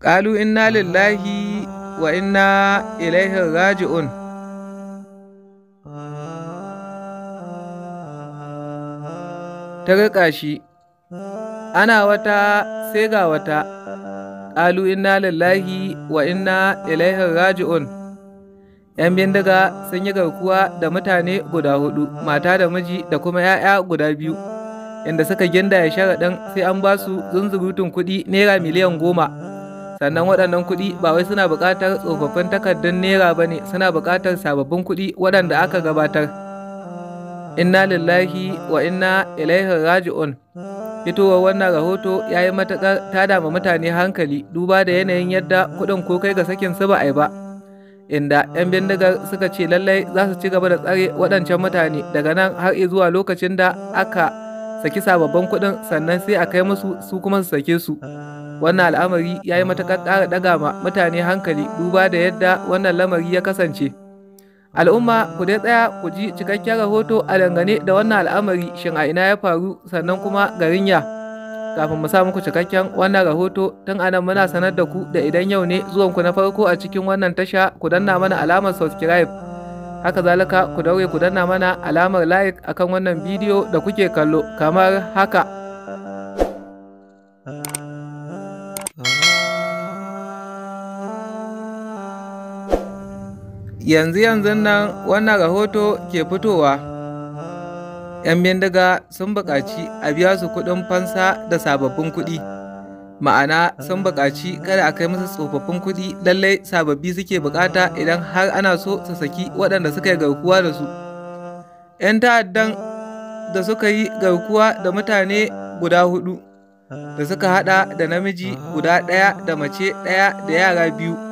ƙalu inna lillahi wa inna ilaihin raji'un ta riƙa shi ana wata sai ga wata ƙalu inna lillahi wa inna ilaihin raji'un ‘yan bindiga sun yi garkuwa da mutane guda hudu mata da miji da kuma ‘ya'ya guda biyu inda suka ginda ya sharaɗin sai an ba su zunzurutun kuɗi naira miliyan goma sannan waɗannan kuɗi ba wai suna buƙatar tsofaffin takardun naira ba ne suna buƙatar sababbin kuɗi waɗanda aka gabatar inna lillahi wa inna ilaihi raji'un fitowar wannan rahoto ya yi matuƙar ta dama mutane hankali duba da yanayin yadda kuɗin ko kai ga sakin su ba a yi ba inda 'yan bindigar suka ce lallai za su ci gaba da tsare waɗancan mutane daga nan har zuwa lokacin da aka saki sababbin kuɗin sannan sai a kai musu su kuma su sake su wannan al'amari ya yi matuƙar ƙara ɗaga ma mutane hankali duba da yadda wannan lamari ya kasance al'umma ku dai tsaya ku ji cikakken rahoto a dangane da wannan al'amari shin a ina ya faru sannan kuma garin ya kafin mu sa muku cikakken wannan rahoto tun anan muna sanar da ku da idan yau ne zuwan ku na farko a cikin wannan tasha ku danna mana alamar subscribe haka zalika ku daure ku danna mana alamar like akan wannan bidiyo da kuke kallo kamar haka yanzu yanzun nan wannan rahoto ke fitowa 'yan bindiga sun buƙaci a biya su kuɗin fansa da sababbin kuɗi ma'ana sun buƙaci kada a kai musu tsofaffin kuɗi lallai sababbi suke buƙata idan har ana so su saki waɗanda suka yi garkuwa da su 'yan ta'addan da suka yi garkuwa da mutane guda hudu da suka haɗa da namiji guda ɗaya da mace ɗaya da yara biyu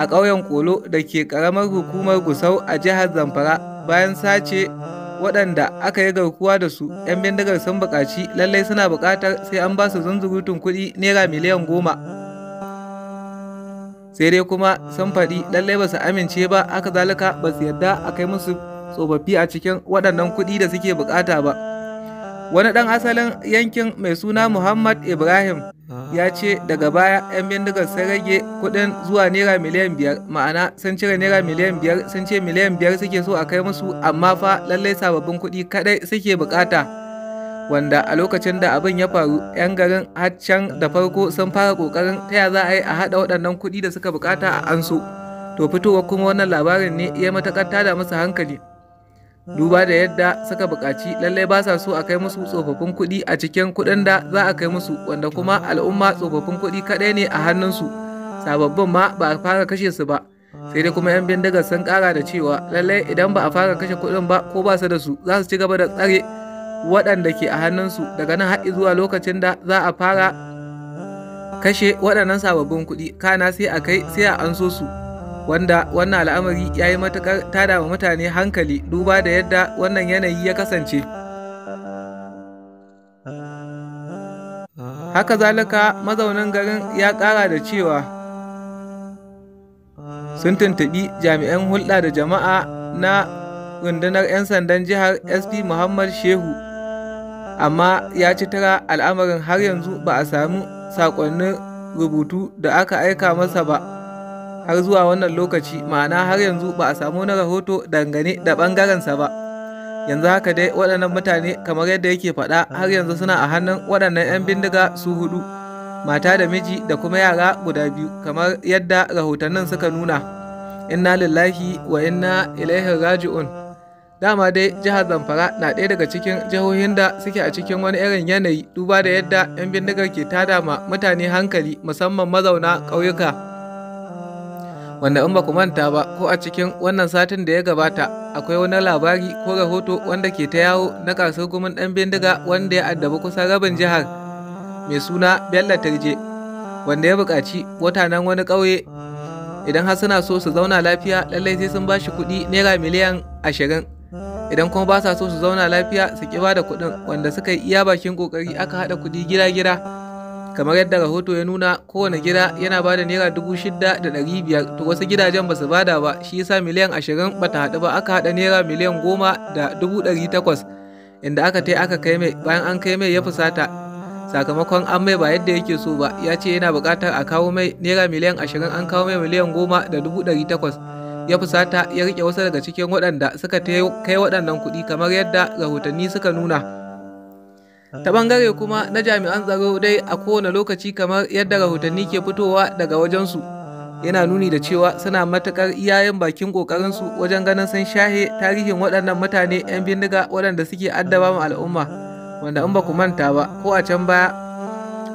a ƙauyen Kolo da ke ƙaramar hukumar Gusau a jihar Zamfara bayan sace waɗanda aka yi garkuwa da su 'yan bindigar sun buƙaci lallai suna buƙatar sai an ba su zunzurutun kuɗi naira miliyan goma sai dai kuma sun faɗi lallai ba su amince ba aka zalika ba su yarda a kai musu tsofaffi a cikin waɗannan kuɗi da suke buƙata ba wani ɗan asalin yankin mai suna muhammad ibrahim ya ce daga baya 'yan bindigar sun rage kudin zuwa naira miliyan biyar ma'ana sun cire naira miliyan biyar sun ce miliyan biyar suke so a kai musu amma fa lallai sababbin kuɗi kadai suke bukata wanda a lokacin da abin ya faru 'yan garin haccan da farko sun fara kokarin taya za a yi a haɗa waɗannan kuɗi da suka bukata a ansu to fitowa kuma wannan labarin ne ya matakar tada musu hankali duba da yadda suka buƙaci lallai ba sa so a kai musu tsofaffin kuɗi a cikin kuɗin da za a kai musu wanda kuma al'umma tsofaffin kuɗi kaɗai ne a hannunsu sababbin ma ba a fara kashe su ba sai dai kuma 'yan bindigar sun ƙara da cewa lallai idan ba a fara kashe kuɗin ba ko ba su da su za su ci gaba da tsare waɗanda ke a hannunsu daga nan har zuwa lokacin da za a fara kashe waɗannan sababbin kuɗi kana sai a kai sai a anso su wanda wannan al'amari ya yi matuƙar tada wa mutane hankali duba da yadda wannan yanayi ya kasance haka zalika mazaunin garin ya ƙara da cewa sun tuntuɓi jami'an hulɗa da jama'a na rundunar 'yan sandan jihar sp muhammad shehu amma ya ci tara al'amarin har yanzu ba a samu saƙonnin rubutu da aka aika masa ba har zuwa wannan lokaci ma'ana har yanzu ba a samu na rahoto dangane da ɓangarensa ba yanzu haka dai waɗannan mutane kamar yadda yake faɗa har yanzu suna a hannun waɗannan 'yan bindiga su hudu mata da miji da kuma yara guda biyu kamar yadda rahotannin suka nuna inna lillahi wa inna ilaihi raji'un dama dai jihar zamfara na ɗaya daga cikin jihohin da suke a cikin wani irin yanayi duba da yadda 'yan bindigar ke tada ma mutane hankali musamman mazauna ƙauyuka wanda in ba ku manta ba ko a cikin wannan satin da ya gabata akwai wani labari ko rahoto wanda ke ta yawo na kasar gumin ɗan bindiga wanda ya addabi kusan rabin jihar mai suna bello tarje wanda ya buƙaci wata nan wani ƙauye idan har suna so su zauna lafiya lallai sai sun ba shi kuɗi naira miliyan ashirin idan kuma ba sa so su zauna lafiya su ƙi ba da kuɗin wanda suka yi iya bakin ƙoƙari aka haɗa kuɗi gira-gira kamar yadda rahoto ya nuna kowane gida yana ba da naira dubu shida da ɗari biyar to wasu gidajen ba su bada ba shi yasa miliyan ashirin ba ta haɗu ba aka haɗa naira miliyan goma da dubu ɗari takwas inda aka tai aka kai mai bayan an kai mai ya fusata sakamakon an mai ba yadda yake so ba ya ce yana buƙatar a kawo mai naira miliyan ashirin an kawo mai miliyan goma da dubu ɗari takwas ya fusata ya rike wasu daga cikin waɗanda suka kai waɗannan kuɗi kamar yadda rahotanni suka nuna. ta bangare kuma na jami'an tsaro dai a kowane lokaci kamar yadda rahotanni ke fitowa daga wajensu yana nuni da cewa suna matukar iyayen bakin kokarinsu wajen ganin sun shahe tarihin waɗannan mutane 'yan bindiga waɗanda suke addaba mu al'umma wanda in ba ku manta ba ko a can baya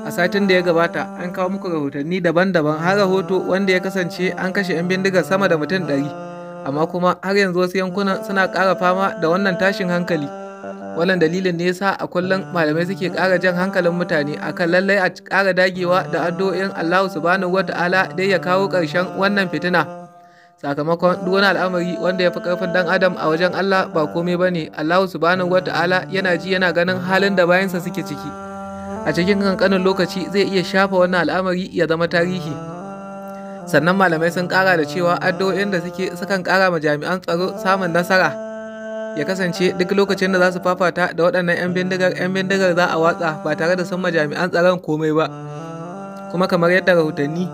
a satin da ya gabata an kawo muku rahotanni daban-daban har rahoto wanda ya kasance an kashe 'yan bindiga sama da mutum ɗari amma kuma har yanzu wasu yankunan suna ƙara fama da wannan tashin hankali. wannan dalilin ne yasa a kullum ah. malamai suke ƙara jan hankalin mutane a kan lallai a ƙara dagewa da addu'o'in Allah subhanahu wata'ala dai ya kawo ƙarshen wannan fitina sakamakon duk wani al'amari wanda ya fi ƙarfin dan adam a wajen Allah ba komai bane Allah subhanahu wata'ala yana ji yana ganin halin da bayansa suke ciki a cikin kankanin lokaci zai iya shafa wannan al'amari ya zama tarihi sannan malamai sun kara da cewa addu'o'in da suke sukan kara ma jami'an tsaro samun nasara ya kasance duk lokacin da za su fafata da waɗannan 'yan bindigar 'yan bindigar za a watsa ba tare da san majami'an tsaron komai ba kuma kamar yadda rahotanni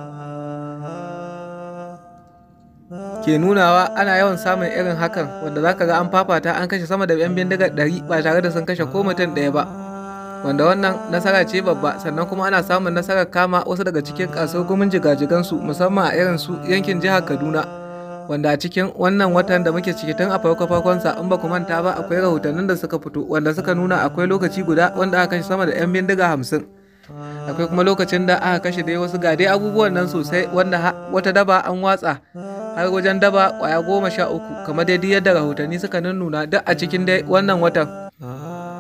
ke nunawa ana yawan samun irin hakan wanda za ka ga an fafata an kashe sama da 'yan bindigar 100 ba tare da sun kashe ko mutum ɗaya ba wanda wannan nasara ce babba sannan kuma ana samun nasarar kama wasu daga cikin kasar gumin jigajigansu musamman a irin su yankin jihar kaduna wanda a cikin wannan watan da muke ciki tun a farko farkon sa in ba ku manta ba akwai rahotannin da suka fito wanda suka nuna akwai lokaci guda wanda aka kashe sama da 'yan bindiga hamsin akwai kuma lokacin da aka kashe dai wasu ga abubuwan nan sosai wanda wata daba an watsa har wajen daba kwaya goma sha uku kamar dai yadda rahotanni suka nuna duk a cikin dai wannan watan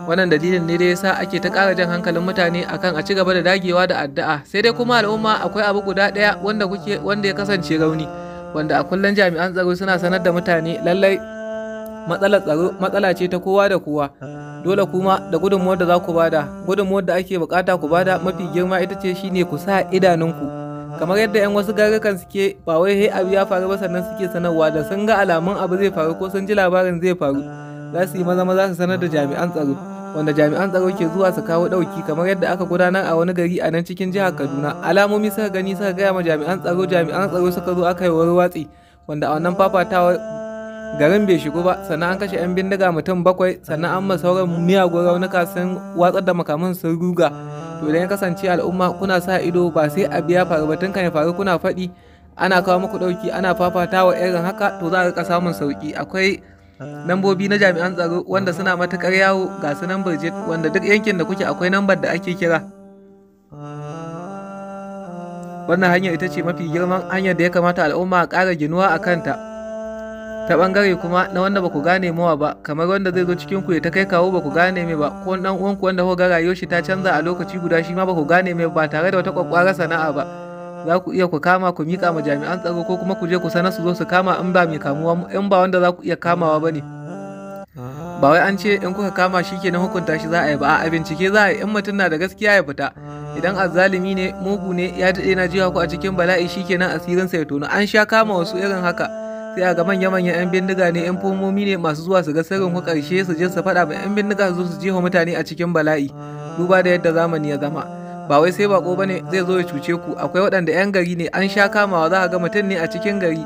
wannan dalilin ne dai sa ake ta ƙara jan hankalin mutane akan a ci gaba da dagewa da addu'a sai dai kuma al'umma akwai abu guda ɗaya wanda kuke wanda ya kasance rauni wanda a kullum jami'an tsaro suna sanar da mutane lallai matsalar tsaro matsala ce ta kowa da kowa dole kuma da gudunmuwar da za ku bada gudunmuwar da ake bukata ku bada mafi girma ita ce shine ku sa idanunku kamar yadda yan wasu garukan suke ba wai he abu ya faru ba sannan suke sanarwa da sun ga alamun abu zai faru ko sun ji labarin zai faru za su yi maza maza su sanar da jami'an tsaro wanda jami'an tsaro ke zuwa su kawo ɗauki kamar yadda aka gudanar a wani gari a nan cikin jihar Kaduna. Alamomi suka gani suka gaya ma jami'an tsaro jami'an tsaro suka zo aka yi wani watsi wanda a wannan fafatawar garin bai shigo ba sannan an kashe 'yan bindiga mutum bakwai sannan an ma sauran miyagun raunuka sun watsar da makaman sun ruga to idan ya kasance al'umma kuna sa ido ba sai a biya faru batun tun kan ya faru kuna faɗi ana kawo muku ɗauki ana fafatawa irin haka to za a rika samun sauki akwai Nambobi na jami'an tsaro wanda suna matuƙar yawo ga su nambar jet wanda duk yankin da kuke akwai nambar da ake kira. Wannan hanyar ita ce mafi girman hanyar da ya kamata al'umma a ƙara ginuwa a kanta. Ta ɓangare kuma na wanda ba ku gane mawa ba, kamar wanda zai zo cikin ku ya ta kai kawo ba ku gane mai ba, ko ɗan uwanku wanda ko ga rayuwar shi ta canza a lokaci guda shi ma ba ku gane mai ba tare da wata ƙwaƙƙwarar sana'a ba. za ku iya ku kama ku miƙa ma jami'an tsaro ko kuma ku je ku sanar su zo su kama in ba mai kamuwa in ba wanda za ku iya kamawa ba ne ba wai an ce in kuka kama shi kenan hukunta shi za a yi ba a bincike za a yi in mutum na da gaskiya ya fita idan azzalimi ne mugu ne ya daɗe na jiwa ku a cikin bala'i shi kenan asirin sa ya tono an sha kama wasu irin haka sai a ga manya-manyan 'yan bindiga ne 'yan fomomi ne masu zuwa su ga sirrin ku ƙarshe su je su faɗa ma 'yan bindiga su zo su jefa mutane a cikin bala'i duba da yadda zamani ya zama ba wai sai bako bane zai zo ya cuce ku akwai waɗanda 'yan gari ne an sha kamawa za a ga mutum ne a cikin gari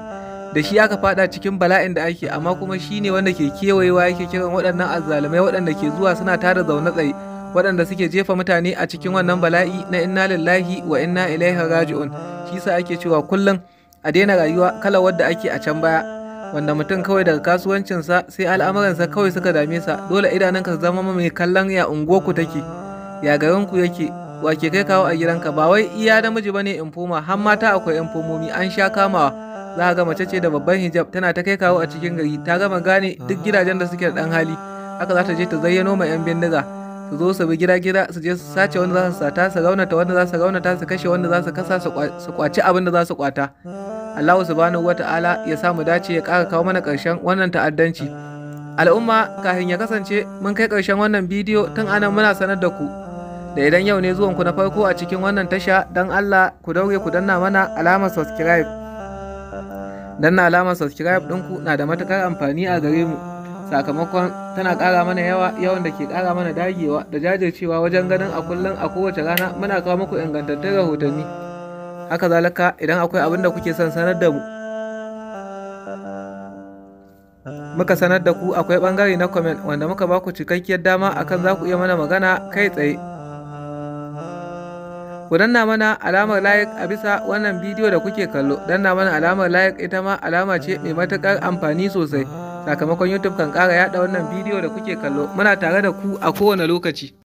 da shi aka fada cikin bala'in da ake amma kuma shi ne wanda ke kewayewa yake kiran waɗannan azzalumai waɗanda ke zuwa suna tara zaune tsaye waɗanda suke jefa mutane a cikin wannan bala'i na inna lillahi wa inna ilaihi raji'un shi sa ake cewa kullum a daina rayuwa kala wadda ake a can baya wanda mutum kawai daga kasuwancinsa sai al'amuransa kawai suka dame sa dole idanunka su zama mai kallon ya unguwarku take ya garinku yake wake kai kawo a gidanka ba wai iya namiji bane in fuma har mata akwai yan fumomi an sha kamawa za ga mace ce da babban hijab tana ta kai kawo a cikin gari ta gama gane duk gidajen da suke da dan hali haka za ta je ta zayyano ma yan bindiga su zo su bi gida gida su je su sace wanda za su sata su raunata wanda za su raunata su kashe wanda za su kasa su kwaci abin da za su kwata Allahu subhanahu wata'ala ya samu dace ya kara kawo mana karshen wannan ta'addanci al'umma kafin ya kasance mun kai karshen wannan bidiyo tun anan muna sanar da ku da idan yau ne zuwanku na farko a cikin wannan tasha don Allah ku daure ku danna mana alamar subscribe danna alamar subscribe ɗinku na da matukar amfani a gare mu sakamakon tana ƙara mana yawa yawan da ke ƙara mana dagewa da jajircewa wajen ganin a kullum a kowace rana muna kawo muku ingantattun rahotanni haka zalika idan akwai abin da kuke son sanar da mu muka sanar da ku akwai bangare na comment wanda muka baku cikakkiyar dama akan za ku iya mana magana kai tsaye ku danna mana alamar like a bisa wannan bidiyo da kuke kallo danna mana alamar like ita ma alama ce mai matuƙar amfani sosai sakamakon youtube kan ƙara yada wannan bidiyo da kuke kallo muna tare da ku a kowane lokaci